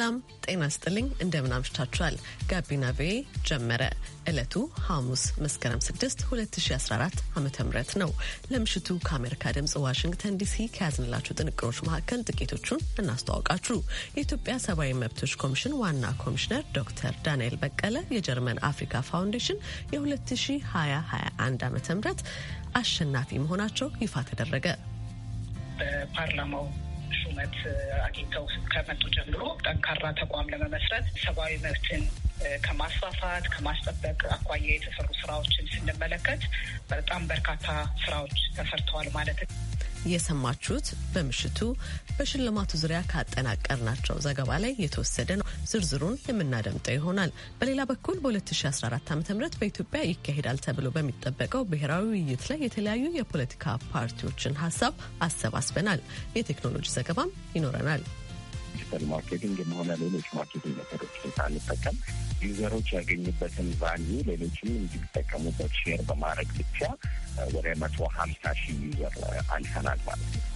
ሰላም ጤና ስጥልኝ። እንደምን አምሽታችኋል? ጋቢና ቤ ጀመረ። ዕለቱ ሐሙስ መስከረም 6 2014 ዓ ም ነው። ለምሽቱ ከአሜሪካ ድምፅ ዋሽንግተን ዲሲ ከያዝንላችሁ ጥንቅሮች መካከል ጥቂቶቹን እናስተዋውቃችሁ። የኢትዮጵያ ሰብአዊ መብቶች ኮሚሽን ዋና ኮሚሽነር ዶክተር ዳንኤል በቀለ የጀርመን አፍሪካ ፋውንዴሽን የ2021 ዓ ም አሸናፊ መሆናቸው ይፋ ተደረገ። በፓርላማው ሹመት አግኝተው ከመጡ ጀምሮ ጠንካራ ተቋም ለመመስረት ሰብአዊ መብትን ከማስፋፋት ከማስጠበቅ አኳያ የተሰሩ ስራዎችን ስንመለከት በጣም በርካታ ስራዎች ተሰርተዋል ማለት ነው። የሰማችሁት በምሽቱ በሽልማቱ ዙሪያ ካጠናቀርናቸው ዘገባ ላይ የተወሰደ ነው። ዝርዝሩን የምናደምጠው ይሆናል። በሌላ በኩል በ2014 ዓ ም በኢትዮጵያ ይካሄዳል ተብሎ በሚጠበቀው ብሔራዊ ውይይት ላይ የተለያዩ የፖለቲካ ፓርቲዎችን ሀሳብ አሰባስበናል። የቴክኖሎጂ ዘገባ ዘገባም ይኖረናል። ዲጂታል ማርኬቲንግ የሆነ ሌሎች ማርኬቲንግ ነገሮች ሳንጠቀም ዩዘሮች ያገኙበትን ቫኒ ሌሎችም እንዲጠቀሙበት ሼር በማድረግ ብቻ ወደ መቶ ሀምሳ ሺህ ዩዘር አልፈናል ማለት ነው።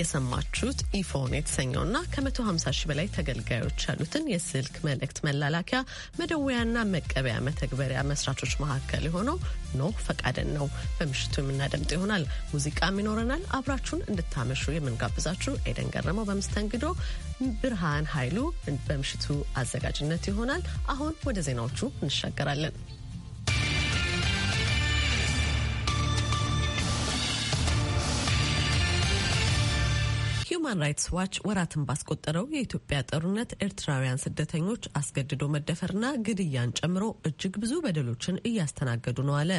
የሰማችሁት ኢፎን የተሰኘውና ከ150 ሺህ በላይ ተገልጋዮች ያሉትን የስልክ መልእክት መላላኪያ መደወያና መቀበያ መተግበሪያ መስራቾች መካከል የሆነው ኖህ ፈቃደን ነው። በምሽቱ የምናደምጥ ይሆናል። ሙዚቃም ይኖረናል። አብራችሁን እንድታመሹ የምንጋብዛችሁ ኤደን ገረመው በምስተንግዶ፣ ብርሃን ኃይሉ በምሽቱ አዘጋጅነት ይሆናል። አሁን ወደ ዜናዎቹ እንሻገራለን። ሂዩማን ራይትስ ዋች ወራትን ባስቆጠረው የኢትዮጵያ ጦርነት ኤርትራውያን ስደተኞች አስገድዶ መደፈርና ግድያን ጨምሮ እጅግ ብዙ በደሎችን እያስተናገዱ ነው አለ።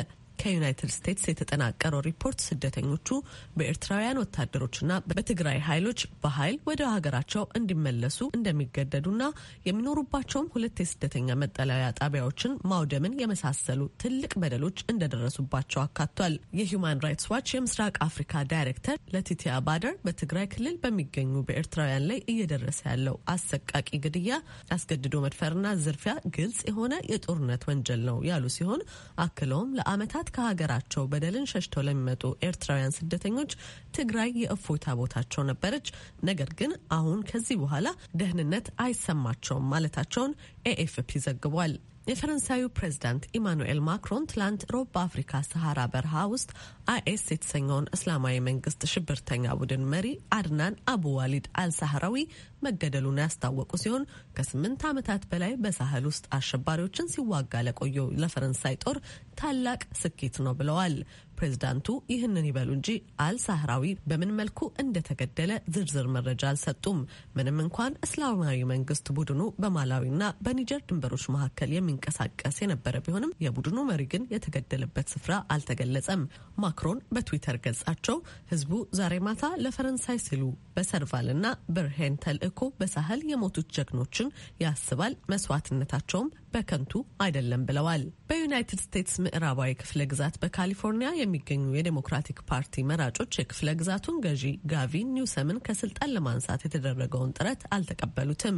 ከዩናይትድ ስቴትስ የተጠናቀረው ሪፖርት ስደተኞቹ በኤርትራውያን ወታደሮችና በትግራይ ኃይሎች በኃይል ወደ ሀገራቸው እንዲመለሱ እንደሚገደዱና የሚኖሩባቸውም ሁለት የስደተኛ መጠለያ ጣቢያዎችን ማውደምን የመሳሰሉ ትልቅ በደሎች እንደደረሱባቸው አካቷል። የሂውማን ራይትስ ዋች የምስራቅ አፍሪካ ዳይሬክተር ለቲቲያ ባደር በትግራይ ክልል በሚገኙ በኤርትራውያን ላይ እየደረሰ ያለው አሰቃቂ ግድያ፣ አስገድዶ መድፈርና ዝርፊያ ግልጽ የሆነ የጦርነት ወንጀል ነው ያሉ ሲሆን አክለውም ለአመታት መንግስታት ከሀገራቸው በደልን ሸሽተው ለሚመጡ ኤርትራውያን ስደተኞች ትግራይ የእፎይታ ቦታቸው ነበረች፣ ነገር ግን አሁን ከዚህ በኋላ ደህንነት አይሰማቸውም ማለታቸውን ኤኤፍፒ ዘግቧል። የፈረንሳዩ ፕሬዝዳንት ኢማኑኤል ማክሮን ትላንት ሮብ በአፍሪካ ሰሃራ በረሃ ውስጥ አይኤስ የተሰኘውን እስላማዊ መንግስት ሽብርተኛ ቡድን መሪ አድናን አቡ ዋሊድ አልሳህራዊ መገደሉን ያስታወቁ ሲሆን ከስምንት ዓመታት በላይ በሳህል ውስጥ አሸባሪዎችን ሲዋጋ ለቆየው ለፈረንሳይ ጦር ታላቅ ስኬት ነው ብለዋል። ፕሬዝዳንቱ ይህንን ይበሉ እንጂ አልሳህራዊ በምን መልኩ እንደተገደለ ዝርዝር መረጃ አልሰጡም። ምንም እንኳን እስላማዊ መንግስት ቡድኑ በማላዊና በኒጀር ድንበሮች መካከል የሚንቀሳቀስ የነበረ ቢሆንም የቡድኑ መሪ ግን የተገደለበት ስፍራ አልተገለጸም። ማክሮን በትዊተር ገጻቸው ህዝቡ ዛሬ ማታ ለፈረንሳይ ሲሉ በሰርቫልና በርሄን ተልእኮ በሳህል የሞቱት ጀግኖችን ያስባል መስዋዕትነታቸውም በከንቱ አይደለም ብለዋል። በዩናይትድ ስቴትስ ምዕራባዊ ክፍለ ግዛት በካሊፎርኒያ የሚገኙ የዴሞክራቲክ ፓርቲ መራጮች የክፍለ ግዛቱን ገዢ ጋቪን ኒውሰምን ከስልጣን ለማንሳት የተደረገውን ጥረት አልተቀበሉትም።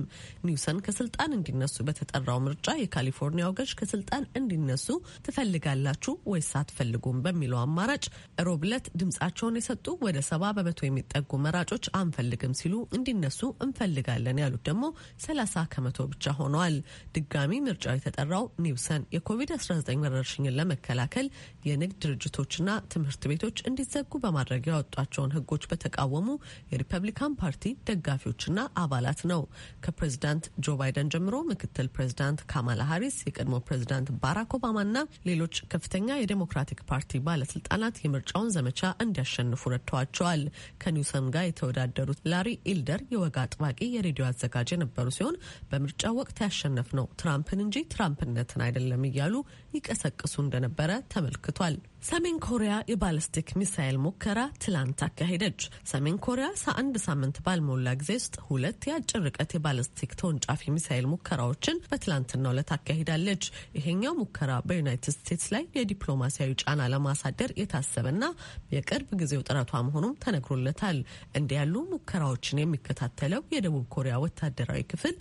ኒውሰን ከስልጣን እንዲነሱ በተጠራው ምርጫ የካሊፎርኒያው ገዥ ከስልጣን እንዲነሱ ትፈልጋላችሁ ወይስ አትፈልጉም በሚለው አማራጭ ሮብ ዕለት ድምጻቸውን የሰጡ ወደ ሰባ በመቶ የሚጠጉ መራጮች አንፈልግም ሲሉ እንዲነሱ እንፈልጋለን ያሉት ደግሞ ሰላሳ ከመቶ ብቻ ሆነዋል። ድጋሚ ምርጫ መግለጫው የተጠራው ኒውሰን የኮቪድ-19 ወረርሽኝን ለመከላከል የንግድ ድርጅቶችና ትምህርት ቤቶች እንዲዘጉ በማድረግ ያወጧቸውን ሕጎች በተቃወሙ የሪፐብሊካን ፓርቲ ደጋፊዎችና አባላት ነው። ከፕሬዚዳንት ጆ ባይደን ጀምሮ ምክትል ፕሬዚዳንት ካማላ ሀሪስ፣ የቀድሞ ፕሬዚዳንት ባራክ ኦባማና ሌሎች ከፍተኛ የዴሞክራቲክ ፓርቲ ባለስልጣናት የምርጫውን ዘመቻ እንዲያሸንፉ ረድተዋቸዋል። ከኒውሰን ጋር የተወዳደሩት ላሪ ኢልደር የወግ አጥባቂ የሬዲዮ አዘጋጅ የነበሩ ሲሆን በምርጫው ወቅት ያሸነፍ ነው ትራምፕን እንጂ እንጂ ትራምፕነትን አይደለም እያሉ ይቀሰቅሱ እንደነበረ ተመልክቷል። ሰሜን ኮሪያ የባለስቲክ ሚሳይል ሙከራ ትላንት አካሄደች። ሰሜን ኮሪያ ከአንድ ሳምንት ባልሞላ ጊዜ ውስጥ ሁለት የአጭር ርቀት የባለስቲክ ተወንጫፊ ሚሳይል ሙከራዎችን በትላንትናው ዕለት አካሂዳለች። ይሄኛው ሙከራ በዩናይትድ ስቴትስ ላይ የዲፕሎማሲያዊ ጫና ለማሳደር የታሰበና የቅርብ ጊዜው ጥረቷ መሆኑም ተነግሮለታል። እንዲህ ያሉ ሙከራዎችን የሚከታተለው የደቡብ ኮሪያ ወታደራዊ ክፍል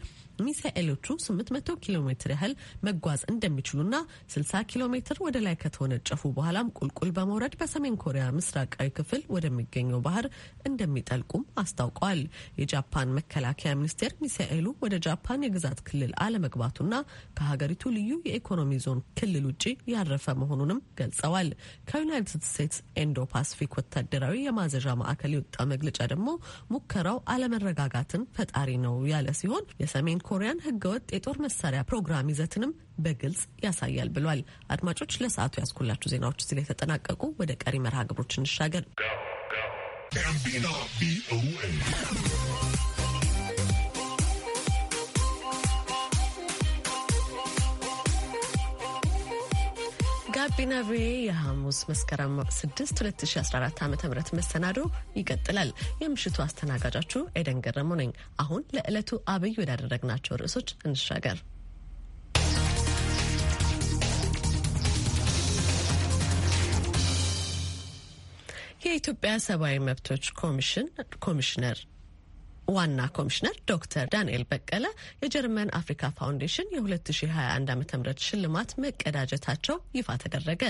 ሚሳኤሎቹ 800 ኪሎ ሜትር ያህል መጓዝ እንደሚችሉና 60 ኪሎ ሜትር ወደ ላይ ከተወነጨፉ በኋላም ቁልቁል በመውረድ በሰሜን ኮሪያ ምስራቃዊ ክፍል ወደሚገኘው ባህር እንደሚጠልቁም አስታውቀዋል። የጃፓን መከላከያ ሚኒስቴር ሚሳኤሉ ወደ ጃፓን የግዛት ክልል አለመግባቱና ከሀገሪቱ ልዩ የኢኮኖሚ ዞን ክልል ውጭ ያረፈ መሆኑንም ገልጸዋል። ከዩናይትድ ስቴትስ ኢንዶ ፓሲፊክ ወታደራዊ የማዘዣ ማዕከል የወጣ መግለጫ ደግሞ ሙከራው አለመረጋጋትን ፈጣሪ ነው ያለ ሲሆን የሰሜን ኮሪያን ህገወጥ የጦር መሳሪያ ፕሮግራም ይዘትንም በግልጽ ያሳያል ብሏል። አድማጮች ለሰዓቱ ያስኩላችሁ ዜናዎች እዚህ ላይ ተጠናቀቁ። ወደ ቀሪ መርሃ ግብሮች እንሻገር። ጋቢና ቪ የሐሙስ መስከረም 6 2014 ዓ ም መሰናዶ ይቀጥላል። የምሽቱ አስተናጋጃችሁ ኤደን ገረሙ ነኝ። አሁን ለዕለቱ አብይ ወዳደረግናቸው ርዕሶች እንሻገር። የኢትዮጵያ ሰብአዊ መብቶች ኮሚሽን ኮሚሽነር ዋና ኮሚሽነር ዶክተር ዳንኤል በቀለ የጀርመን አፍሪካ ፋውንዴሽን የ2021 ዓ ም ሽልማት መቀዳጀታቸው ይፋ ተደረገ።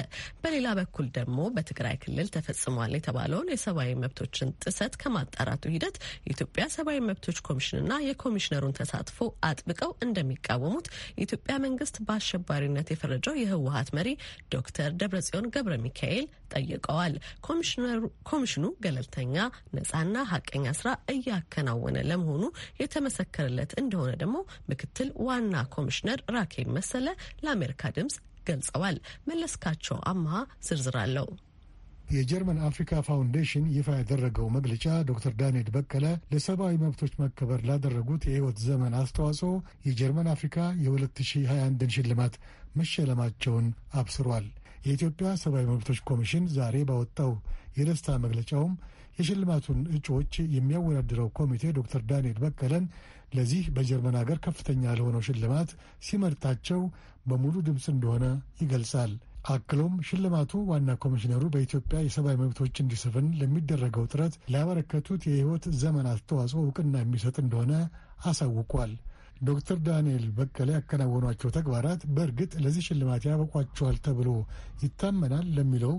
በሌላ በኩል ደግሞ በትግራይ ክልል ተፈጽሟል የተባለውን የሰብአዊ መብቶችን ጥሰት ከማጣራቱ ሂደት የኢትዮጵያ ሰብአዊ መብቶች ኮሚሽንና የኮሚሽነሩን ተሳትፎ አጥብቀው እንደሚቃወሙት የኢትዮጵያ መንግስት በአሸባሪነት የፈረጀው የህወሀት መሪ ዶክተር ደብረጽዮን ገብረ ሚካኤል ጠይቀዋል። ኮሚሽኑ ገለልተኛ ነጻና ሀቀኛ ስራ እያከናወ ሆነ ለመሆኑ የተመሰከረለት እንደሆነ ደግሞ ምክትል ዋና ኮሚሽነር ራኬብ መሰለ ለአሜሪካ ድምጽ ገልጸዋል። መለስካቸው አማሃ ዝርዝር አለው። የጀርመን አፍሪካ ፋውንዴሽን ይፋ ያደረገው መግለጫ ዶክተር ዳንኤል በቀለ ለሰብአዊ መብቶች መከበር ላደረጉት የሕይወት ዘመን አስተዋጽኦ የጀርመን አፍሪካ የ2021ን ሽልማት መሸለማቸውን አብስሯል። የኢትዮጵያ ሰብአዊ መብቶች ኮሚሽን ዛሬ ባወጣው የደስታ መግለጫውም የሽልማቱን እጩዎች የሚያወዳድረው ኮሚቴ ዶክተር ዳንኤል በቀለን ለዚህ በጀርመን ሀገር ከፍተኛ ለሆነው ሽልማት ሲመርጣቸው በሙሉ ድምፅ እንደሆነ ይገልጻል። አክሎም ሽልማቱ ዋና ኮሚሽነሩ በኢትዮጵያ የሰብአዊ መብቶች እንዲሰፍን ለሚደረገው ጥረት ላበረከቱት የሕይወት ዘመን አስተዋጽኦ እውቅና የሚሰጥ እንደሆነ አሳውቋል። ዶክተር ዳንኤል በቀለ ያከናወኗቸው ተግባራት በእርግጥ ለዚህ ሽልማት ያበቋቸዋል ተብሎ ይታመናል ለሚለው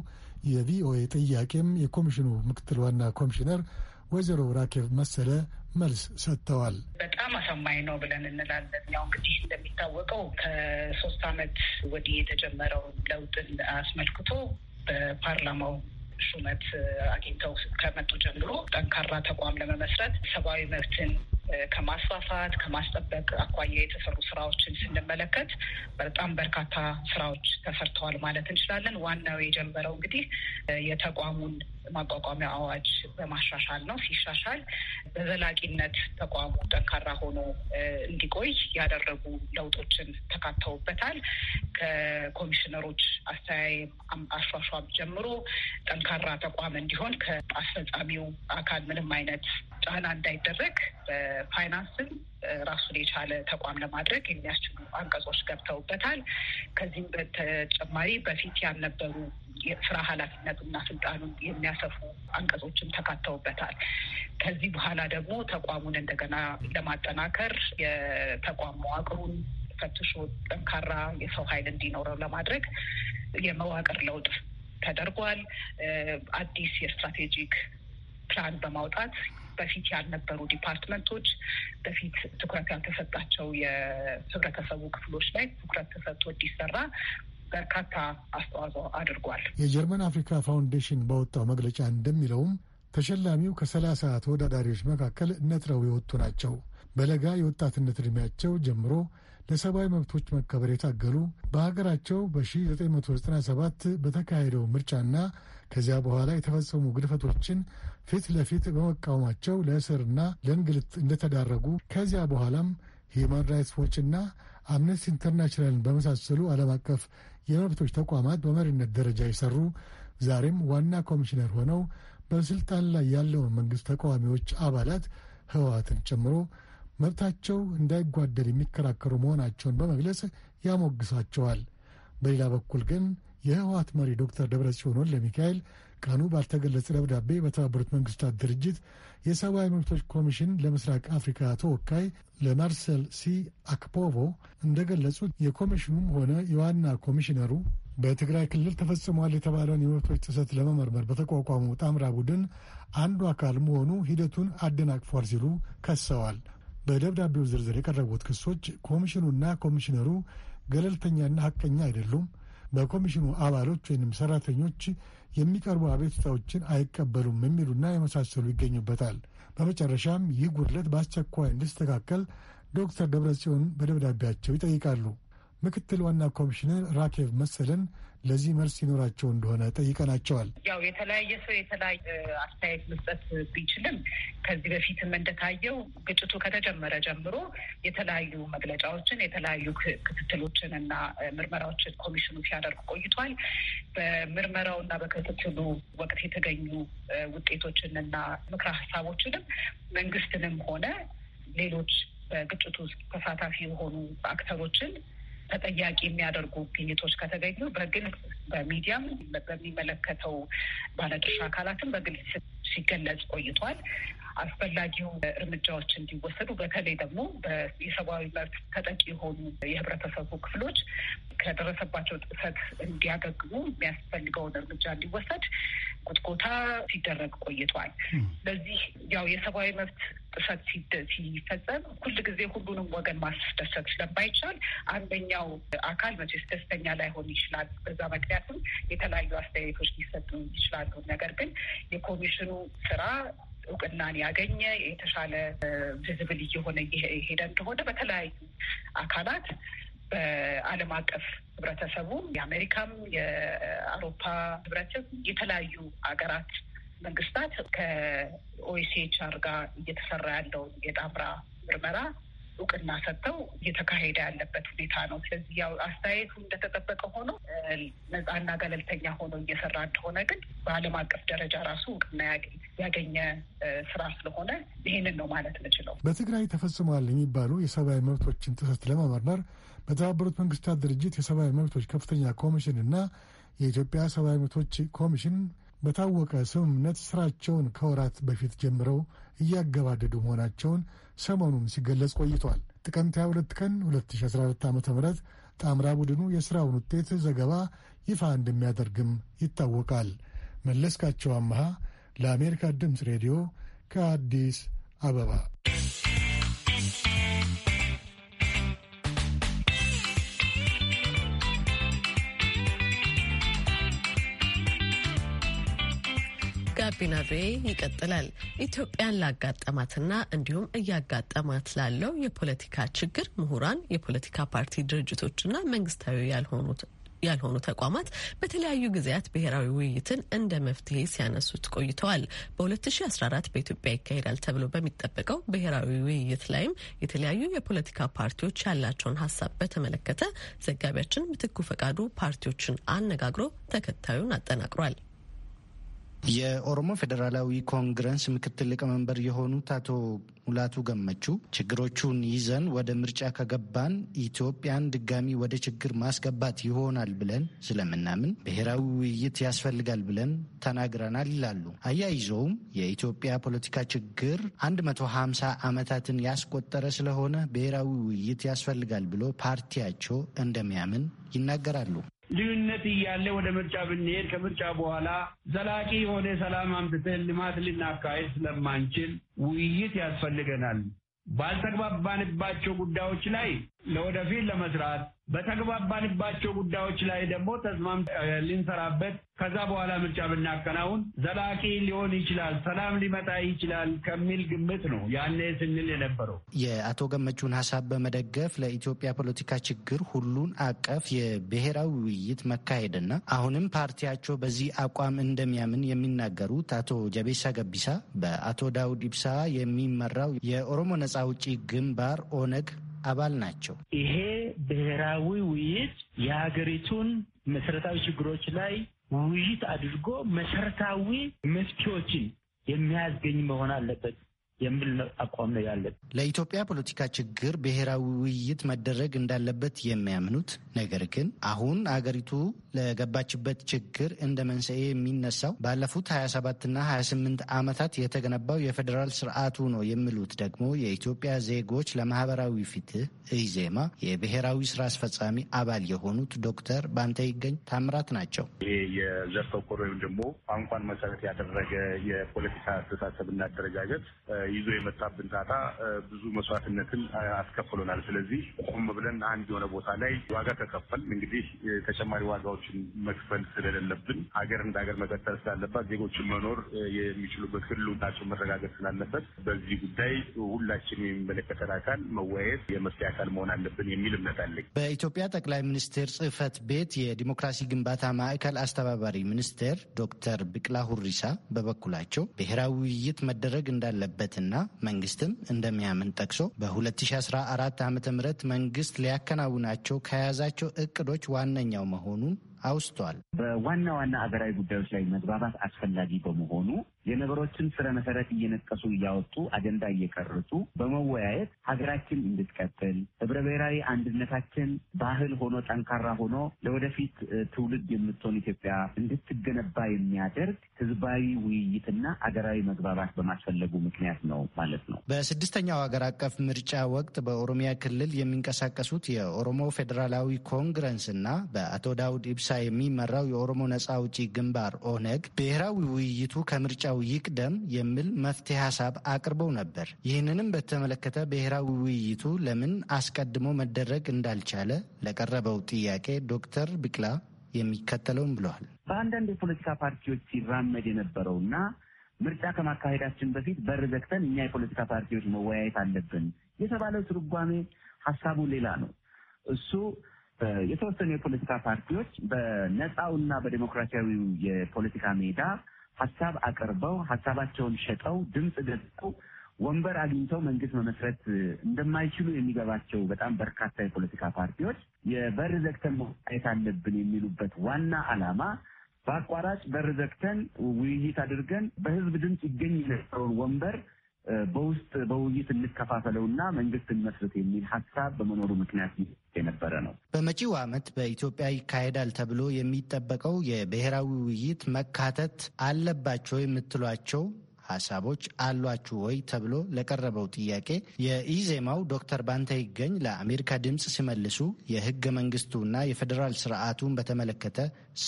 የቪኦኤ ጥያቄም የኮሚሽኑ ምክትል ዋና ኮሚሽነር ወይዘሮ ራኬብ መሰለ መልስ ሰጥተዋል። በጣም አሳማኝ ነው ብለን እንላለን። ያው እንግዲህ እንደሚታወቀው ከሶስት ዓመት ወዲህ የተጀመረው ለውጥን አስመልክቶ በፓርላማው ሹመት አግኝተው ከመጡ ጀምሮ ጠንካራ ተቋም ለመመስረት ሰብአዊ መብትን ከማስፋፋት ከማስጠበቅ አኳያ የተሰሩ ስራዎችን ስንመለከት በጣም በርካታ ስራዎች ተሰርተዋል ማለት እንችላለን። ዋናው የጀመረው እንግዲህ የተቋሙን ማቋቋሚያ አዋጅ በማሻሻል ነው። ሲሻሻል በዘላቂነት ተቋሙ ጠንካራ ሆኖ እንዲቆይ ያደረጉ ለውጦችን ተካተውበታል። ከኮሚሽነሮች አስተያየም አሿሿም ጀምሮ ጠንካራ ተቋም እንዲሆን ከአስፈጻሚው አካል ምንም አይነት ጫና እንዳይደረግ በፋይናንስም ራሱን የቻለ ተቋም ለማድረግ የሚያስችሉ አንቀጾች ገብተውበታል። ከዚህም በተጨማሪ በፊት ያልነበሩ የስራ ኃላፊነቱና ስልጣኑን የሚያሰፉ አንቀጾችም ተካተውበታል። ከዚህ በኋላ ደግሞ ተቋሙን እንደገና ለማጠናከር የተቋም መዋቅሩን ፈትሾ ጠንካራ የሰው ኃይል እንዲኖረው ለማድረግ የመዋቅር ለውጥ ተደርጓል። አዲስ የስትራቴጂክ ፕላን በማውጣት በፊት ያልነበሩ ዲፓርትመንቶች፣ በፊት ትኩረት ያልተሰጣቸው የህብረተሰቡ ክፍሎች ላይ ትኩረት ተሰጥቶ እንዲሰራ በርካታ አስተዋጽኦ አድርጓል። የጀርመን አፍሪካ ፋውንዴሽን ባወጣው መግለጫ እንደሚለውም ተሸላሚው ከሰላሳ ተወዳዳሪዎች መካከል ነጥረው የወጡ ናቸው። በለጋ የወጣትነት እድሜያቸው ጀምሮ ለሰብአዊ መብቶች መከበር የታገሉ በሀገራቸው በ1997 በተካሄደው ምርጫና ከዚያ በኋላ የተፈጸሙ ግድፈቶችን ፊት ለፊት በመቃወማቸው ለእስርና ለእንግልት እንደተዳረጉ ከዚያ በኋላም ሂዩማን ራይትስ ዎችና አምነስቲ ኢንተርናሽናልን በመሳሰሉ ዓለም አቀፍ የመብቶች ተቋማት በመሪነት ደረጃ የሰሩ ዛሬም ዋና ኮሚሽነር ሆነው በስልጣን ላይ ያለውን መንግሥት ተቃዋሚዎች አባላት ህወሓትን ጨምሮ መብታቸው እንዳይጓደል የሚከራከሩ መሆናቸውን በመግለጽ ያሞግሳቸዋል። በሌላ በኩል ግን የህወሀት መሪ ዶክተር ደብረጽዮን ወልደ ሚካኤል ቀኑ ባልተገለጸ ደብዳቤ በተባበሩት መንግስታት ድርጅት የሰብአዊ መብቶች ኮሚሽን ለምስራቅ አፍሪካ ተወካይ ለማርሰል ሲ አክፖቮ እንደገለጹት የኮሚሽኑም ሆነ የዋና ኮሚሽነሩ በትግራይ ክልል ተፈጽሟል የተባለውን የመብቶች ጥሰት ለመመርመር በተቋቋመው ጣምራ ቡድን አንዱ አካል መሆኑ ሂደቱን አደናቅፏል ሲሉ ከሰዋል። በደብዳቤው ዝርዝር የቀረቡት ክሶች ኮሚሽኑና ኮሚሽነሩ ገለልተኛና ሐቀኛ አይደሉም፣ በኮሚሽኑ አባሎች ወይም ሰራተኞች የሚቀርቡ አቤቱታዎችን አይቀበሉም የሚሉና የመሳሰሉ ይገኙበታል። በመጨረሻም ይህ ጉድለት በአስቸኳይ እንዲስተካከል ዶክተር ደብረጽዮን በደብዳቤያቸው ይጠይቃሉ። ምክትል ዋና ኮሚሽነር ራኬቭ መሰለን ለዚህ መልስ ይኖራቸው እንደሆነ ጠይቀናቸዋል። ያው የተለያየ ሰው የተለያየ አስተያየት መስጠት ቢችልም ከዚህ በፊትም እንደታየው ግጭቱ ከተጀመረ ጀምሮ የተለያዩ መግለጫዎችን፣ የተለያዩ ክትትሎችን እና ምርመራዎችን ኮሚሽኑ ሲያደርግ ቆይቷል። በምርመራው እና በክትትሉ ወቅት የተገኙ ውጤቶችን እና ምክረ ሀሳቦችንም መንግስትንም ሆነ ሌሎች በግጭቱ ውስጥ ተሳታፊ የሆኑ አክተሮችን ተጠያቂ የሚያደርጉ ግኝቶች ከተገኙ በግል በሚዲያም በሚመለከተው ባለድርሻ አካላትም በግል ሲገለጽ ቆይቷል። አስፈላጊው እርምጃዎች እንዲወሰዱ በተለይ ደግሞ የሰብአዊ መብት ተጠቂ የሆኑ የህብረተሰቡ ክፍሎች ከደረሰባቸው ጥሰት እንዲያገግሙ የሚያስፈልገውን እርምጃ እንዲወሰድ ቁጥቆታ ሲደረግ ቆይቷል። ስለዚህ ያው የሰብአዊ መብት ጥሰት ሲፈጸም ሁል ጊዜ ሁሉንም ወገን ማስደሰት ስለማይቻል አንደኛው አካል መቼስ ደስተኛ ላይሆን ይችላል። በዛ ምክንያቱም የተለያዩ አስተያየቶች ሊሰጡ ይችላሉ። ነገር ግን የኮሚሽኑ ስራ እውቅናን ያገኘ የተሻለ ቪዝብል እየሆነ ሄደ እንደሆነ በተለያዩ አካላት በዓለም አቀፍ ህብረተሰቡ የአሜሪካም የአውሮፓ ህብረትም የተለያዩ ሀገራት መንግስታት ከኦኤስኤችአር ጋር እየተሰራ ያለውን የጣምራ ምርመራ እውቅና ሰጥተው እየተካሄደ ያለበት ሁኔታ ነው። ስለዚህ ያው አስተያየቱ እንደተጠበቀ ሆኖ ነጻና ገለልተኛ ሆኖ እየሰራ እንደሆነ ግን በዓለም አቀፍ ደረጃ ራሱ እውቅና ያገኘ ስራ ስለሆነ ይሄንን ነው ማለት ምችለው። በትግራይ ተፈጽሟል የሚባሉ የሰብአዊ መብቶችን ጥሰት ለመመርመር በተባበሩት መንግስታት ድርጅት የሰብአዊ መብቶች ከፍተኛ ኮሚሽን እና የኢትዮጵያ ሰብአዊ መብቶች ኮሚሽን በታወቀ ስምምነት ስራቸውን ከወራት በፊት ጀምረው እያገባደዱ መሆናቸውን ሰሞኑን ሲገለጽ ቆይቷል። ጥቅምት 22 ቀን 2014 ዓ ም ጣምራ ቡድኑ የሥራውን ውጤት ዘገባ ይፋ እንደሚያደርግም ይታወቃል። መለስካቸው አመሃ ለአሜሪካ ድምፅ ሬዲዮ ከአዲስ አበባ ጋቢና ቪኦኤ ይቀጥላል። ኢትዮጵያን ላጋጠማትና እንዲሁም እያጋጠማት ላለው የፖለቲካ ችግር ምሁራን፣ የፖለቲካ ፓርቲ ድርጅቶችና መንግስታዊ ያልሆኑት ያልሆኑ ተቋማት በተለያዩ ጊዜያት ብሔራዊ ውይይትን እንደ መፍትሄ ሲያነሱት ቆይተዋል። በ2014 በኢትዮጵያ ይካሄዳል ተብሎ በሚጠበቀው ብሔራዊ ውይይት ላይም የተለያዩ የፖለቲካ ፓርቲዎች ያላቸውን ሀሳብ በተመለከተ ዘጋቢያችን ምትኩ ፈቃዱ ፓርቲዎችን አነጋግሮ ተከታዩን አጠናቅሯል። የኦሮሞ ፌዴራላዊ ኮንግረስ ምክትል ሊቀመንበር የሆኑት አቶ ሙላቱ ገመቹ ችግሮቹን ይዘን ወደ ምርጫ ከገባን ኢትዮጵያን ድጋሚ ወደ ችግር ማስገባት ይሆናል ብለን ስለምናምን ብሔራዊ ውይይት ያስፈልጋል ብለን ተናግረናል ይላሉ። አያይዘውም የኢትዮጵያ ፖለቲካ ችግር 150 ዓመታትን ያስቆጠረ ስለሆነ ብሔራዊ ውይይት ያስፈልጋል ብሎ ፓርቲያቸው እንደሚያምን ይናገራሉ። ልዩነት እያለ ወደ ምርጫ ብንሄድ ከምርጫ በኋላ ዘላቂ የሆነ ሰላም አምጥተን ልማት ልናካሄድ ስለማንችል ውይይት ያስፈልገናል። ባልተግባባንባቸው ጉዳዮች ላይ ለወደፊት ለመስራት በተግባባንባቸው ጉዳዮች ላይ ደግሞ ተስማም ልንሰራበት ከዛ በኋላ ምርጫ ብናከናውን ዘላቂ ሊሆን ይችላል፣ ሰላም ሊመጣ ይችላል ከሚል ግምት ነው ያኔ ስንል የነበረው። የአቶ ገመቹን ሀሳብ በመደገፍ ለኢትዮጵያ ፖለቲካ ችግር ሁሉን አቀፍ የብሔራዊ ውይይት መካሄድና አሁንም ፓርቲያቸው በዚህ አቋም እንደሚያምን የሚናገሩት አቶ ጀቤሳ ገቢሳ በአቶ ዳውድ ኢብሳ የሚመራው የኦሮሞ ነጻ አውጪ ግንባር ኦነግ አባል ናቸው። ይሄ ብሔራዊ ውይይት የሀገሪቱን መሰረታዊ ችግሮች ላይ ውይይት አድርጎ መሰረታዊ መፍትሄዎችን የሚያስገኝ መሆን አለበት። የሚል አቋም ነው ያለን። ለኢትዮጵያ ፖለቲካ ችግር ብሔራዊ ውይይት መደረግ እንዳለበት የሚያምኑት ነገር ግን አሁን አገሪቱ ለገባችበት ችግር እንደ መንስኤ የሚነሳው ባለፉት 27ና 28 ዓመታት የተገነባው የፌዴራል ስርዓቱ ነው የሚሉት ደግሞ የኢትዮጵያ ዜጎች ለማህበራዊ ፍትህ ኢዜማ የብሔራዊ ስራ አስፈጻሚ አባል የሆኑት ዶክተር ባንተ ይገኝ ታምራት ናቸው። ይሄ የዘር ተኮር ወይም ደግሞ ቋንቋን መሰረት ያደረገ የፖለቲካ አስተሳሰብና አደረጃጀት ይዞ የመጣብን ጣጣ ብዙ መስዋዕትነትን አስከፍሎናል። ስለዚህ ቆም ብለን አንድ የሆነ ቦታ ላይ ዋጋ ተከፈል እንግዲህ ተጨማሪ ዋጋዎችን መክፈል ስለሌለብን ሀገር እንደ ሀገር መቀጠል ስላለባት ዜጎችን መኖር የሚችሉበት ህልውናቸው መረጋገጥ ስላለበት በዚህ ጉዳይ ሁላችንም የሚመለከተን አካል መወያየት የመፍትሄ አካል መሆን አለብን የሚል እምነት አለኝ። በኢትዮጵያ ጠቅላይ ሚኒስትር ጽህፈት ቤት የዲሞክራሲ ግንባታ ማዕከል አስተባባሪ ሚኒስትር ዶክተር ብቅላ ሁሪሳ በበኩላቸው ብሔራዊ ውይይት መደረግ እንዳለበት እንደሚያምንበትና መንግስትም እንደሚያምን ጠቅሶ በ2014 ዓ ም መንግስት ሊያከናውናቸው ከያዛቸው እቅዶች ዋነኛው መሆኑን አውስቷል። በዋና ዋና ሀገራዊ ጉዳዮች ላይ መግባባት አስፈላጊ በመሆኑ የነገሮችን ስረ መሰረት እየነቀሱ እያወጡ አጀንዳ እየቀረጹ በመወያየት ሀገራችን እንድትቀጥል ህብረ ብሔራዊ አንድነታችን ባህል ሆኖ ጠንካራ ሆኖ ለወደፊት ትውልድ የምትሆን ኢትዮጵያ እንድትገነባ የሚያደርግ ህዝባዊ ውይይትና አገራዊ መግባባት በማስፈለጉ ምክንያት ነው ማለት ነው። በስድስተኛው ሀገር አቀፍ ምርጫ ወቅት በኦሮሚያ ክልል የሚንቀሳቀሱት የኦሮሞ ፌዴራላዊ ኮንግረስ እና በአቶ ዳውድ ኢብሳ የሚመራው የኦሮሞ ነጻ አውጪ ግንባር ኦነግ ብሔራዊ ውይይቱ ከምርጫ ምርጫው ይቅደም የሚል መፍትሄ ሀሳብ አቅርበው ነበር። ይህንንም በተመለከተ ብሔራዊ ውይይቱ ለምን አስቀድሞ መደረግ እንዳልቻለ ለቀረበው ጥያቄ ዶክተር ብቅላ የሚከተለውን ብለዋል። በአንዳንድ የፖለቲካ ፓርቲዎች ሲራመድ ና ምርጫ ከማካሄዳችን በፊት በር ዘግተን እኛ የፖለቲካ ፓርቲዎች መወያየት አለብን የተባለው ትርጓሜ ሀሳቡ ሌላ ነው። እሱ የተወሰኑ የፖለቲካ ፓርቲዎች በነፃውና በዴሞክራሲያዊው የፖለቲካ ሜዳ ሀሳብ አቅርበው ሀሳባቸውን ሸጠው ድምፅ ገጠው ወንበር አግኝተው መንግስት መመስረት እንደማይችሉ የሚገባቸው በጣም በርካታ የፖለቲካ ፓርቲዎች የበር ዘግተን መውጣት አለብን የሚሉበት ዋና ዓላማ በአቋራጭ በር ዘግተን ውይይት አድርገን በህዝብ ድምፅ ይገኝ የነበረውን ወንበር በውስጥ በውይይት እንከፋፈለውና መንግስት እንመስረት የሚል ሀሳብ በመኖሩ ምክንያት የነበረ ነው። በመጪው ዓመት በኢትዮጵያ ይካሄዳል ተብሎ የሚጠበቀው የብሔራዊ ውይይት መካተት አለባቸው የምትሏቸው ሀሳቦች አሏችሁ ወይ ተብሎ ለቀረበው ጥያቄ የኢዜማው ዶክተር ባንታ ይገኝ ለአሜሪካ ድምፅ ሲመልሱ የህገ መንግስቱና የፌዴራል ስርዓቱን በተመለከተ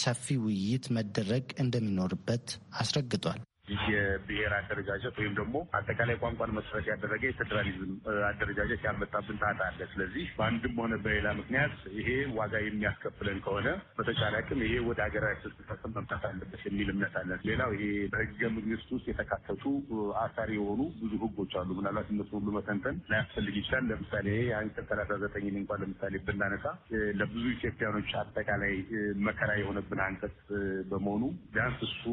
ሰፊ ውይይት መደረግ እንደሚኖርበት አስረግጧል። የብሔር አደረጃጀት ወይም ደግሞ አጠቃላይ ቋንቋን መሰረት ያደረገ የፌዴራሊዝም አደረጃጀት ያመጣብን ጣጣ አለ። ስለዚህ በአንድም ሆነ በሌላ ምክንያት ይሄ ዋጋ የሚያስከፍለን ከሆነ በተቻለ አቅም ይሄ ወደ ሀገራዊ ስልትፈጽም መምጣት አለበት የሚል እምነት አለን። ሌላው ይሄ በህገ መንግስት ውስጥ የተካተቱ አሳሪ የሆኑ ብዙ ህጎች አሉ። ምናልባት እነሱ ሁሉ መተንተን ላያስፈልግ ይችላል። ለምሳሌ አንቀጽ ሰላሳ ዘጠኝን እንኳን ለምሳሌ ብናነሳ ለብዙ ኢትዮጵያኖች አጠቃላይ መከራ የሆነብን አንቀጽ በመሆኑ ቢያንስ እሱ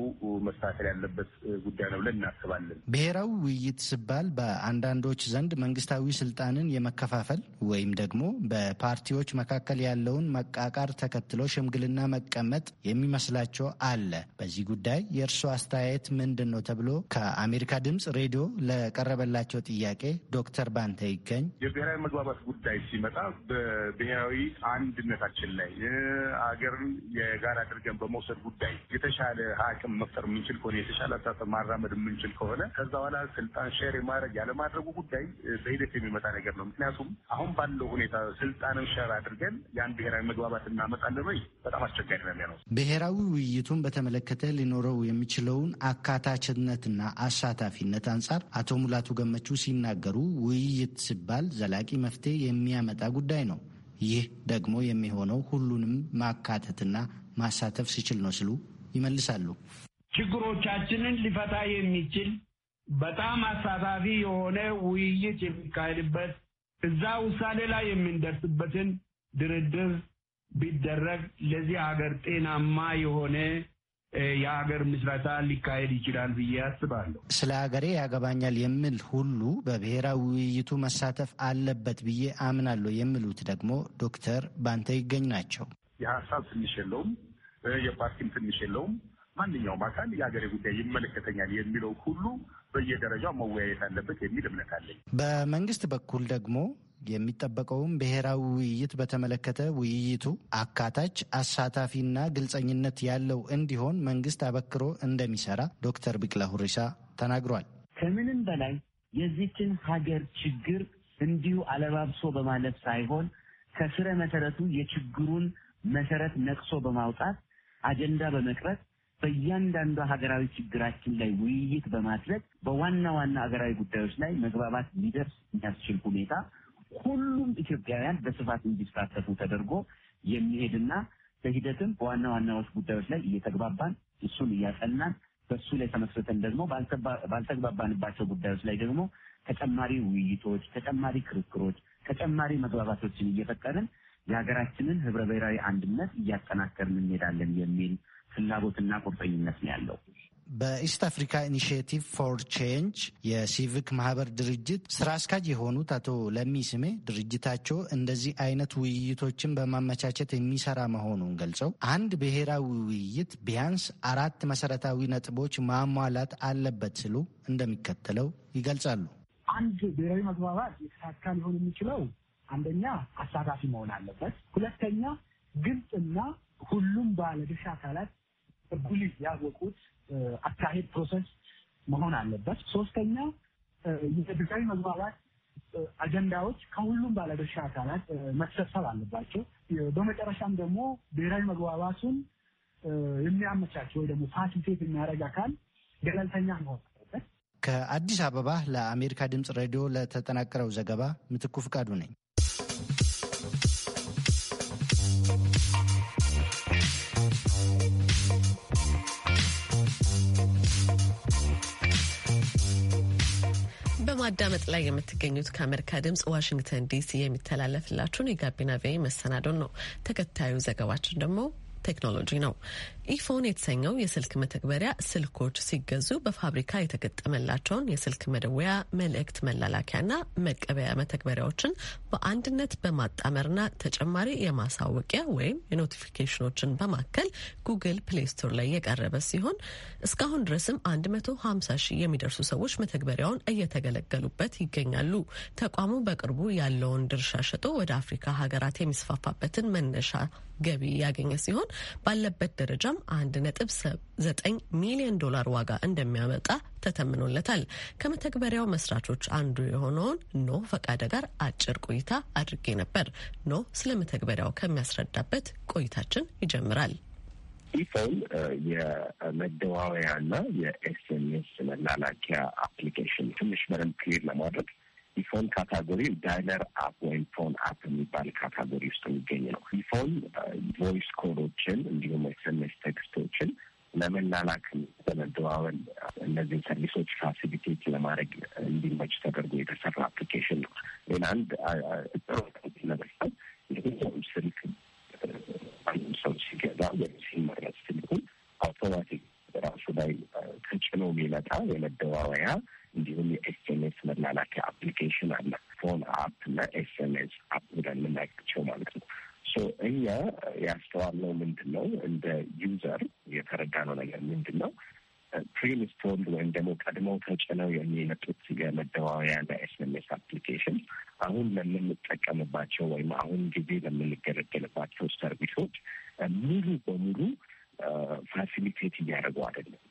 መስተካከል ያለበት ጉዳይ ነው ብለን እናስባለን። ብሔራዊ ውይይት ሲባል በአንዳንዶች ዘንድ መንግስታዊ ስልጣንን የመከፋፈል ወይም ደግሞ በፓርቲዎች መካከል ያለውን መቃቃር ተከትሎ ሽምግልና መቀመጥ የሚመስላቸው አለ። በዚህ ጉዳይ የእርሶ አስተያየት ምንድን ነው ተብሎ ከአሜሪካ ድምፅ ሬዲዮ ለቀረበላቸው ጥያቄ ዶክተር ባንተ ይገኝ የብሔራዊ መግባባት ጉዳይ ሲመጣ በብሔራዊ አንድነታችን ላይ አገርን የጋራ አድርገን በመውሰድ ጉዳይ የተሻለ አቅም መፍጠር የምንችል ከሆነ የተሻለ አፈጻጸም ማራመድ የምንችል ከሆነ ከዛ በኋላ ስልጣን ሼር የማድረግ ያለማድረጉ ጉዳይ በሂደት የሚመጣ ነገር ነው። ምክንያቱም አሁን ባለው ሁኔታ ስልጣንን ሸር አድርገን ያን ብሔራዊ መግባባት እናመጣለን ወይ? በጣም አስቸጋሪ ነው የሚሆነው። ብሔራዊ ውይይቱን በተመለከተ ሊኖረው የሚችለውን አካታችነትና አሳታፊነት አንጻር አቶ ሙላቱ ገመቹ ሲናገሩ ውይይት ሲባል ዘላቂ መፍትሄ የሚያመጣ ጉዳይ ነው። ይህ ደግሞ የሚሆነው ሁሉንም ማካተትና ማሳተፍ ሲችል ነው ሲሉ ይመልሳሉ። ችግሮቻችንን ሊፈታ የሚችል በጣም አሳታፊ የሆነ ውይይት የሚካሄድበት እዛ ውሳኔ ላይ የምንደርስበትን ድርድር ቢደረግ ለዚህ ሀገር ጤናማ የሆነ የሀገር ምስረታ ሊካሄድ ይችላል ብዬ አስባለሁ። ስለ ሀገሬ ያገባኛል የሚል ሁሉ በብሔራዊ ውይይቱ መሳተፍ አለበት ብዬ አምናለሁ የሚሉት ደግሞ ዶክተር ባንተ ይገኝ ናቸው። የሀሳብ ትንሽ የለውም፣ የፓርቲም ትንሽ የለውም። ማንኛውም አካል የሀገሬ ጉዳይ ይመለከተኛል የሚለው ሁሉ በየደረጃው መወያየት አለበት የሚል እምነት አለኝ። በመንግስት በኩል ደግሞ የሚጠበቀውም ብሔራዊ ውይይት በተመለከተ ውይይቱ አካታች፣ አሳታፊና ግልጸኝነት ያለው እንዲሆን መንግስት አበክሮ እንደሚሰራ ዶክተር ቢቅላ ሁሪሳ ተናግሯል። ከምንም በላይ የዚችን ሀገር ችግር እንዲሁ አለባብሶ በማለፍ ሳይሆን ከስረ መሰረቱ የችግሩን መሰረት ነቅሶ በማውጣት አጀንዳ በመቅረጽ በእያንዳንዱ ሀገራዊ ችግራችን ላይ ውይይት በማድረግ በዋና ዋና ሀገራዊ ጉዳዮች ላይ መግባባት ሊደርስ የሚያስችል ሁኔታ ሁሉም ኢትዮጵያውያን በስፋት እንዲሳተፉ ተደርጎ የሚሄድና በሂደትም በዋና ዋናዎች ጉዳዮች ላይ እየተግባባን እሱን እያጸናን በሱ ላይ ተመስርተን ደግሞ ባልተግባባንባቸው ጉዳዮች ላይ ደግሞ ተጨማሪ ውይይቶች፣ ተጨማሪ ክርክሮች፣ ተጨማሪ መግባባቶችን እየፈጠርን የሀገራችንን ህብረ ብሔራዊ አንድነት እያጠናከርን እንሄዳለን የሚል ፍላጎትና ቁርጠኝነት ነው ያለው። በኢስት አፍሪካ ኢኒሽቲቭ ፎር ቼንጅ የሲቪክ ማህበር ድርጅት ስራ አስኪያጅ የሆኑት አቶ ለሚ ስሜ ድርጅታቸው እንደዚህ አይነት ውይይቶችን በማመቻቸት የሚሰራ መሆኑን ገልጸው አንድ ብሔራዊ ውይይት ቢያንስ አራት መሰረታዊ ነጥቦች ማሟላት አለበት ሲሉ እንደሚከተለው ይገልጻሉ። አንድ ብሔራዊ መግባባት የተሳካ ሊሆን የሚችለው አንደኛ አሳታፊ መሆን አለበት፣ ሁለተኛ ግልጽና ሁሉም ባለድርሻ አካላት እኩል ያወቁት አካሄድ ፕሮሰስ መሆን አለበት። ሶስተኛ የብሔራዊ መግባባት አጀንዳዎች ከሁሉም ባለድርሻ አካላት መሰብሰብ አለባቸው። በመጨረሻም ደግሞ ብሔራዊ መግባባቱን የሚያመቻቸው ወይ ደግሞ ፋሲሊቴት የሚያደርግ አካል ገለልተኛ መሆን አለበት። ከአዲስ አበባ ለአሜሪካ ድምፅ ሬዲዮ ለተጠናቀረው ዘገባ ምትኩ ፍቃዱ ነኝ። በማዳመጥ ላይ የምትገኙት ከአሜሪካ ድምጽ ዋሽንግተን ዲሲ የሚተላለፍላችሁን የጋቢና ቪኦኤ መሰናዶን ነው። ተከታዩ ዘገባችን ደግሞ ቴክኖሎጂ ነው። ኢፎን የተሰኘው የስልክ መተግበሪያ ስልኮች ሲገዙ በፋብሪካ የተገጠመላቸውን የስልክ መደወያ፣ መልእክት መላላኪያና መቀበያ መተግበሪያዎችን በአንድነት በማጣመርና ተጨማሪ የማሳወቂያ ወይም የኖቲፊኬሽኖችን በማከል ጉግል ፕሌይ ስቶር ላይ የቀረበ ሲሆን እስካሁን ድረስም 150 ሺህ የሚደርሱ ሰዎች መተግበሪያውን እየተገለገሉበት ይገኛሉ። ተቋሙ በቅርቡ ያለውን ድርሻ ሸጦ ወደ አፍሪካ ሀገራት የሚስፋፋበትን መነሻ ገቢ ያገኘ ሲሆን ባለበት ደረጃም አንድ ነጥብ ዘጠኝ ሚሊዮን ዶላር ዋጋ እንደሚያመጣ ተተምኖለታል። ከመተግበሪያው መስራቾች አንዱ የሆነውን ኖ ፈቃደ ጋር አጭር ቆይታ አድርጌ ነበር። ኖ ስለ መተግበሪያው ከሚያስረዳበት ቆይታችን ይጀምራል። ኢፎን የመደዋወያና የኤስኤምኤስ መላላኪያ አፕሊኬሽን ትንሽ በደንብ ክሊር ለማድረግ ኢፎን ካታጎሪ ዳይለር አፕ ወይም ፎን አፕ የሚባል ካታጎሪ ውስጥ የሚገኝ ነው። ኢፎን ቮይስ ኮዶችን እንዲሁም ኤስኤምኤስ ቴክስቶችን ለመላላክ ለመደዋወል እነዚህን ሰርቪሶች ፋሲሊቴት ለማድረግ እንዲመች ተደርጎ የተሰራ አፕሊኬሽን ነው። ሌላ አንድ ጥሩ ለመስጠት የትኛውም ስልክ አንድም ሰው ሲገዛ ወይም ሲመረጥ ስልኩን አውቶማቲክ ራሱ ላይ ተጭኖ የሚመጣ የመደዋወያ እንዲሁም የኤስኤምኤስ መላላኪያ አፕሊኬሽን አለ። ፎን አፕ እና ኤስኤምኤስ አፕ ብለን የምናያቸው ማለት ነው። ሶ እኛ ያስተዋልነው ምንድን ነው? እንደ ዩዘር የተረዳነው ነገር ምንድን ነው? ፕሪኢንስቶልድ ወይም ደግሞ ቀድመው ተጭነው የሚመጡት የመደዋወያና ኤስኤምኤስ አፕሊኬሽን አሁን ለምንጠቀምባቸው ወይም አሁን ጊዜ ለምንገለገልባቸው ሰርቪሶች ሙሉ በሙሉ ፋሲሊቴት እያደረጉ አይደለም።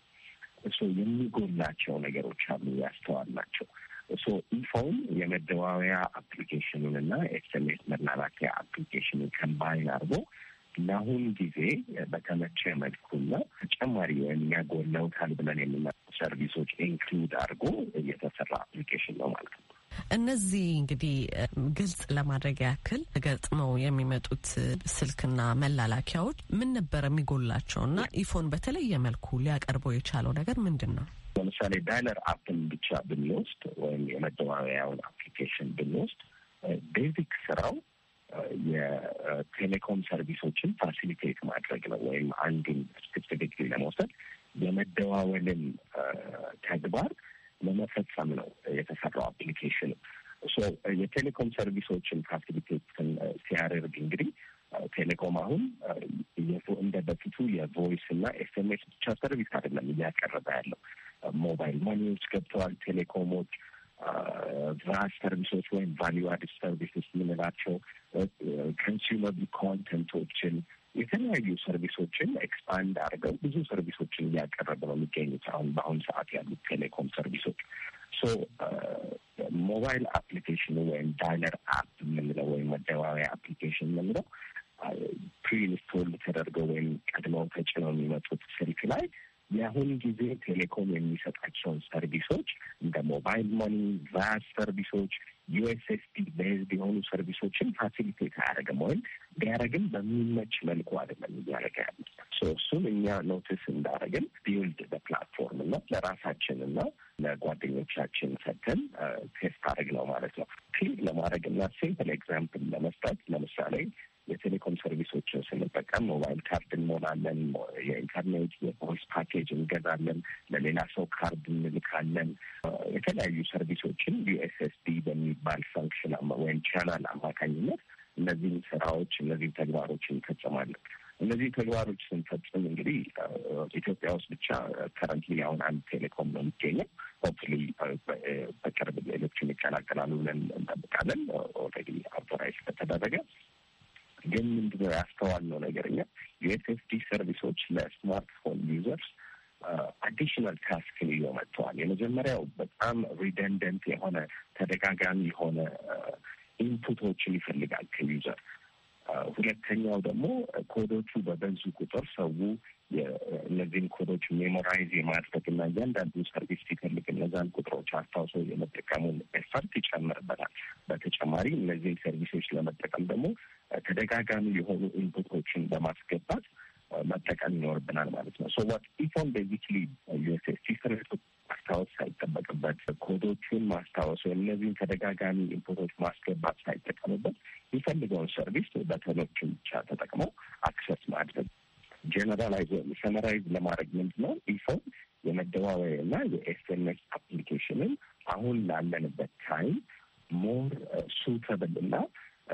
እሱ የሚጎላቸው ነገሮች አሉ ያስተዋልናቸው። እሱ ኢፎን የመደዋወያ አፕሊኬሽኑን እና ኤስኤምኤስ መላላኪያ አፕሊኬሽኑን ከምባይን አድርጎ ለአሁን ጊዜ በተመቸ መልኩና ተጨማሪ ወይም የሚያጎለውታል ብለን የምና ሰርቪሶች ኢንክሉድ አድርጎ እየተሰራ አፕሊኬሽን ነው ማለት ነው። እነዚህ እንግዲህ ግልጽ ለማድረግ ያክል ገጥመው የሚመጡት ስልክና መላላኪያዎች ምን ነበረ የሚጎላቸው እና ኢፎን በተለየ መልኩ ሊያቀርበው የቻለው ነገር ምንድን ነው? ለምሳሌ ዳይለር አፕን ብቻ ብንወስድ ወይም የመደዋወያውን አፕሊኬሽን ብንወስድ ቤዚክ ስራው የቴሌኮም ሰርቪሶችን ፋሲሊቴት ማድረግ ነው። ወይም አንዱን ስፔሲፊክሊ ለመውሰድ የመደዋወልን ተግባር ለመፈጸም ነው የተሰራው አፕሊኬሽን። የቴሌኮም ሰርቪሶችን ፋሲሊቴት ሲያደርግ እንግዲህ ቴሌኮም አሁን እንደ በፊቱ የቮይስ እና ኤስኤምኤስ ብቻ ሰርቪስ አይደለም እያቀረበ ያለው። ሞባይል ማኒዎች ገብተዋል። ቴሌኮሞች ቫስ ሰርቪሶች ወይም ቫሊዩ አዲስ ሰርቪሶች የምንላቸው ኮንሱመብል ኮንተንቶችን የተለያዩ ሰርቪሶችን ኤክስፓንድ አድርገው ብዙ ሰርቪሶችን እያቀረበ ነው የሚገኙት አሁን በአሁኑ ሰዓት ያሉት ቴሌኮም ሰርቪሶች ሶ ሞባይል uh, አፕሊኬሽኑ ወይም ዳይለር አፕ የምንለው ወይም መደዋወያ አፕሊኬሽን የምንለው ፕሪኢንስቶል uh, ተደርገው ወይም ቀድመው ተጭነው የሚመጡት ስልክ ላይ የአሁን ጊዜ ቴሌኮም የሚሰጣቸውን ሰርቪሶች እንደ ሞባይል መኒ፣ ቫስ ሰርቪሶች ዩኤስኤስቲ ቤዝድ የሆኑ ሰርቪሶችን ፋሲሊቴት አያደርግም ወይም ቢያደርግም በሚመች መልኩ አይደለም እያደረገ ያለ። እሱን እኛ ኖቲስ እንዳደረግን ቢውልድ በፕላትፎርም እና ለራሳችን እና ለጓደኞቻችን ሰተን ቴስት አድርግ ነው ማለት ነው። ክሊክ ለማድረግ እና ሲምፕል ኤግዛምፕል ለመስጠት ለምሳሌ የቴሌኮም ሰርቪሶችን ስንጠቀም ሞባይል ካርድ እንሞላለን፣ የኢንተርኔት የቮይስ ፓኬጅ እንገዛለን፣ ለሌላ ሰው ካርድ እንልካለን። የተለያዩ ሰርቪሶችን ዩኤስኤስዲ በሚባል ፈንክሽን ወይም ቻናል አማካኝነት እነዚህን ስራዎች እነዚህን ተግባሮች እንፈጽማለን። እነዚህ ተግባሮች ስንፈጽም እንግዲህ ኢትዮጵያ ውስጥ ብቻ ከረንትሊ አሁን አንድ ቴሌኮም ነው የሚገኘው። ሆፕሊ በቅርብ ሌሎችም ይቀላቀላሉ ብለን እንጠብቃለን። ኦልሬዲ አውቶራይዝ ከተደረገ ግን ምንድነው ያስተዋልነው ነገር እኛ የኤስኤስዲ ሰርቪሶች ለስማርትፎን ዩዘርስ አዲሽናል ታስክ ይዞ መጥተዋል። የመጀመሪያው በጣም ሪደንደንት የሆነ ተደጋጋሚ የሆነ ኢንፑቶችን ይፈልጋል ከዩዘር ሁለተኛው ደግሞ ኮዶቹ በበዙ ቁጥር ሰው እነዚህን ኮዶች ሜሞራይዝ የማድረግ እና እያንዳንዱ ሰርቪስ ሲፈልግ እነዛን ቁጥሮች አስታውሶ የመጠቀሙን ኤፈርት ይጨምርበታል። በተጨማሪ እነዚህን ሰርቪሶች ለመጠቀም ደግሞ ተደጋጋሚ የሆኑ ኢንፑቶችን በማስገባት መጠቀም ይኖርብናል ማለት ነው። ሶ ዋት ኢፎን ቤዚክሊ ሲስተሜቱ ማስታወስ ሳይጠበቅበት ኮዶቹን ማስታወስ ወይም እነዚህን ተደጋጋሚ ኢንፑቶች ማስገባት ሳይጠቀምበት የሚፈልገውን ሰርቪስ በተኖችን ብቻ ተጠቅመው አክሰስ ማድረግ ጀነራላይዝ ወይም ሰመራይዝ ለማድረግ ምንድ ነው ኢፎን የመደዋወያ እና የኤስኤምኤስ አፕሊኬሽንን አሁን ላለንበት ታይም ሞር ሱተብል uh, እና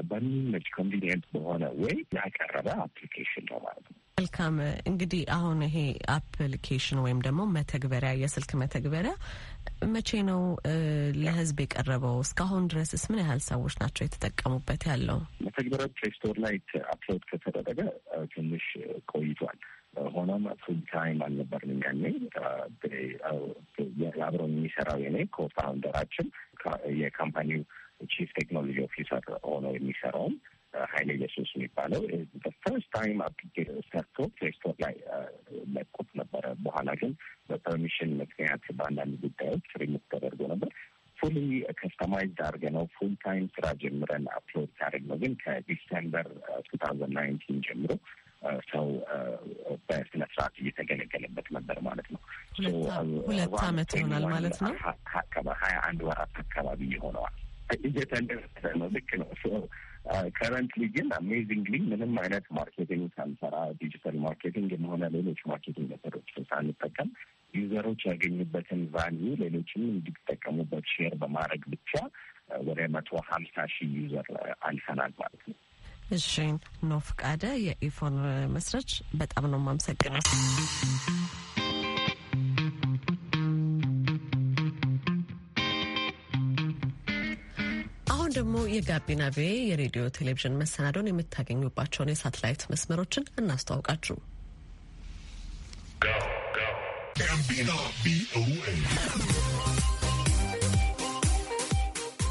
በሚመች ኮንቪኒየንት በሆነ ወይ ያቀረበ አፕሊኬሽን ነው ማለት ነው። መልካም እንግዲህ አሁን ይሄ አፕሊኬሽን ወይም ደግሞ መተግበሪያ የስልክ መተግበሪያ መቼ ነው ለህዝብ የቀረበው? እስካሁን ድረስስ ምን ያህል ሰዎች ናቸው የተጠቀሙበት? ያለው መተግበሪያው ፕሌይ ስቶር ላይ አፕሎድ ከተደረገ ትንሽ ቆይቷል። ሆኖም ፉል ታይም አልነበርንም ያኔ አብሮ የሚሰራው የኔ ኮፋውንደራችን የካምፓኒው ቺፍ ቴክኖሎጂ ኦፊሰር ሆኖ የሚሰራውም ኃይለ ኢየሱስ የሚባለው ፈርስት ታይም አፕሊኬሽን ሰርቶ ፕሌስቶር ላይ ለቆት ነበረ። በኋላ ግን በፐርሚሽን ምክንያት በአንዳንድ ጉዳዮች ሪሙት ተደርጎ ነበር። ፉሊ ከስተማይዝ አድርገ ነው ፉል ታይም ስራ ጀምረን አፕሎድ ካደረግ ነው። ግን ከዲሴምበር ቱ ታውዘንድ ናይንቲን ጀምሮ ሰው በስነ ስርዓት እየተገለገለበት ነበር ማለት ነው። ሁለት አመት ይሆናል ማለት ነው። ሀያ አንድ ወራት አካባቢ ይሆነዋል እየተንደረሰ ነው። ልክ ነው። ከረንትሊ ግን አሜዚንግሊ ምንም አይነት ማርኬቲንግ ሳንሰራ ዲጂታል ማርኬቲንግ የመሆነ ሌሎች ማርኬቲንግ ነገሮች ሳንጠቀም ዩዘሮች ያገኙበትን ቫኒ ሌሎችም እንዲጠቀሙበት ሼር በማድረግ ብቻ ወደ መቶ ሀምሳ ሺህ ዩዘር አልፈናል ማለት ነው። እሺ ኖ ፍቃደ የኢፎን መስረች በጣም ነው የማመሰግነው። ደግሞ የጋቢና ቪኦኤ የሬዲዮ ቴሌቪዥን መሰናዶን የምታገኙባቸውን የሳተላይት መስመሮችን እናስተዋውቃችሁ። ጋቢና ቪኦኤ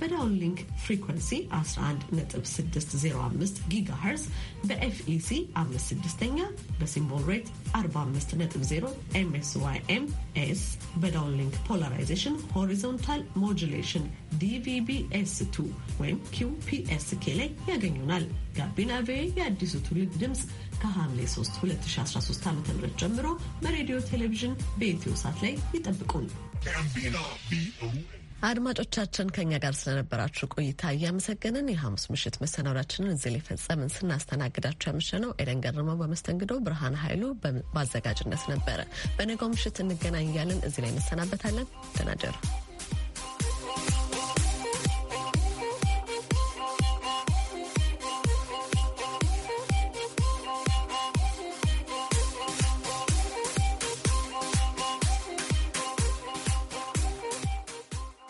በዳውን ሊንክ ፍሪኩንሲ 11605 ጊጋሃርዝ በኤፍኢሲ 56ኛ በሲምቦል ሬት 450 ኤስ በዳውን ሊንክ ፖላራይዜሽን ሆሪዞንታል ሞጁሌሽን ዲቪቢኤስ2 ወይም ኪውፒኤስኬ ላይ ያገኙናል። ጋቢና ቪኦኤ የአዲሱ ትውልድ ድምፅ ከሐምሌ 3 2013 ዓ ም ጀምሮ በሬዲዮ ቴሌቪዥን፣ በኢትዮ ሳት ላይ ይጠብቁን። አድማጮቻችን ከኛ ጋር ስለነበራችሁ ቆይታ እያመሰገንን የሐሙስ ምሽት መሰናዷችንን እዚህ ላይ ፈጸምን። ስናስተናግዳችሁ ነው ኤደን ገርመው በመስተንግዶ ብርሃን ኃይሉ በአዘጋጅነት ነበረ። በነገው ምሽት እንገናኝ እያለን እዚህ ላይ እንሰናበታለን። ደህና እደሩ።